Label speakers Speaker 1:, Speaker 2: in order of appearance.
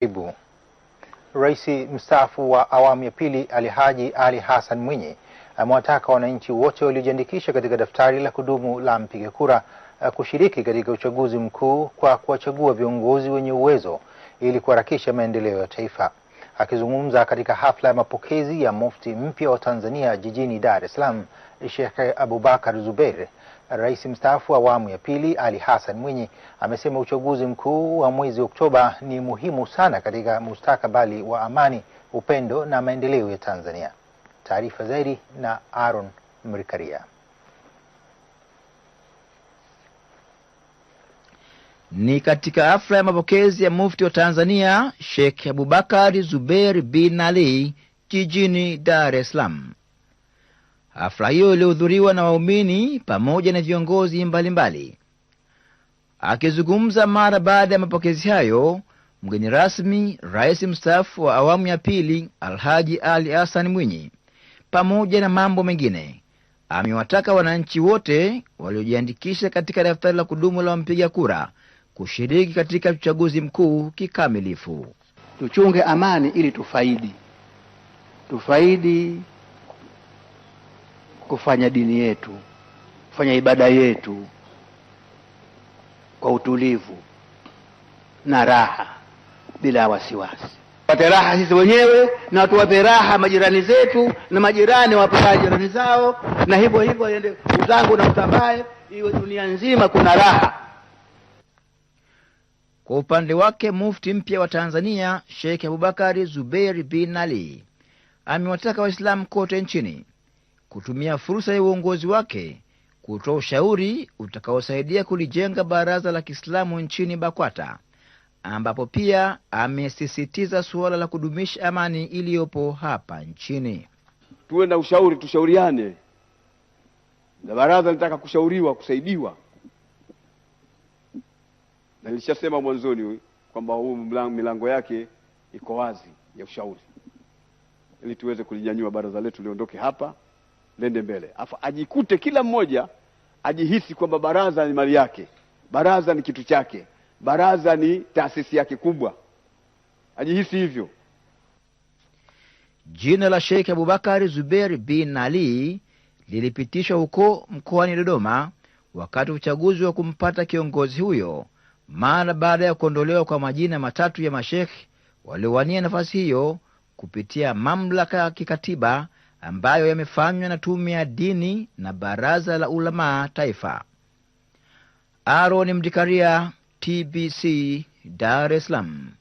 Speaker 1: Karibu. Rais mstaafu wa awamu ya pili Alihaji Ali Hassan Mwinyi amewataka wananchi wote waliojiandikisha katika daftari la kudumu la mpiga kura eh, kushiriki katika uchaguzi mkuu kwa kuwachagua viongozi wenye uwezo ili kuharakisha maendeleo ya taifa. Akizungumza katika hafla ya mapokezi ya mufti mpya wa Tanzania jijini Dar es Salaam, shekhe Abubakar Zubeir Rais mstaafu awamu ya pili Ali Hassan Mwinyi amesema uchaguzi mkuu wa mwezi Oktoba ni muhimu sana katika mustakabali wa amani, upendo na maendeleo ya Tanzania. Taarifa zaidi na Aaron Mrikaria.
Speaker 2: Ni katika hafla ya mapokezi ya mufti wa Tanzania Sheikh Abubakar Zuberi bin Ali jijini Dar es Salaam Hafla hiyo ilihudhuriwa na waumini pamoja na viongozi mbalimbali. Akizungumza mara baada ya mapokezi hayo, mgeni rasmi rais mstaafu wa awamu ya pili Alhaji Ali Hassan Mwinyi, pamoja na mambo mengine, amewataka wananchi wote waliojiandikisha katika daftari la kudumu la mpiga kura kushiriki katika uchaguzi mkuu kikamilifu.
Speaker 3: Tuchunge amani ili tufaidi tufaidi kufanya dini yetu, kufanya ibada yetu kwa utulivu na raha, bila wasiwasi. Tupate raha sisi wenyewe na tuwape raha majirani zetu, na majirani wape raha jirani zao, na hivyo hivyo ende uzangu na utambaye, iwe dunia nzima kuna raha.
Speaker 2: Kwa upande wake mufti mpya wa Tanzania Sheikh Abubakari Zubeir bin Ali amewataka Waislamu kote nchini kutumia fursa ya uongozi wake kutoa ushauri utakaosaidia kulijenga baraza la Kiislamu nchini BAKWATA, ambapo pia amesisitiza suala la kudumisha amani iliyopo hapa nchini.
Speaker 4: Tuwe na ushauri, tushauriane, na baraza linataka kushauriwa, kusaidiwa, na nilishasema mwanzoni kwamba huu milango yake iko wazi ya ushauri, ili tuweze kulinyanyua baraza letu liondoke hapa liende mbele, afu ajikute kila mmoja ajihisi kwamba baraza ni mali yake, baraza ni kitu chake, baraza ni taasisi yake kubwa, ajihisi hivyo.
Speaker 2: Jina la Sheikh Abubakar zuberi bin Ali lilipitishwa huko mkoani Dodoma wakati uchaguzi wa kumpata kiongozi huyo mara baada ya kuondolewa kwa majina matatu ya mashekhi waliowania nafasi hiyo kupitia mamlaka ya kikatiba ambayo yamefanywa na tume ya dini na baraza la ulamaa taifa. Aaron Mdikaria, TBC, Dar es Salaam.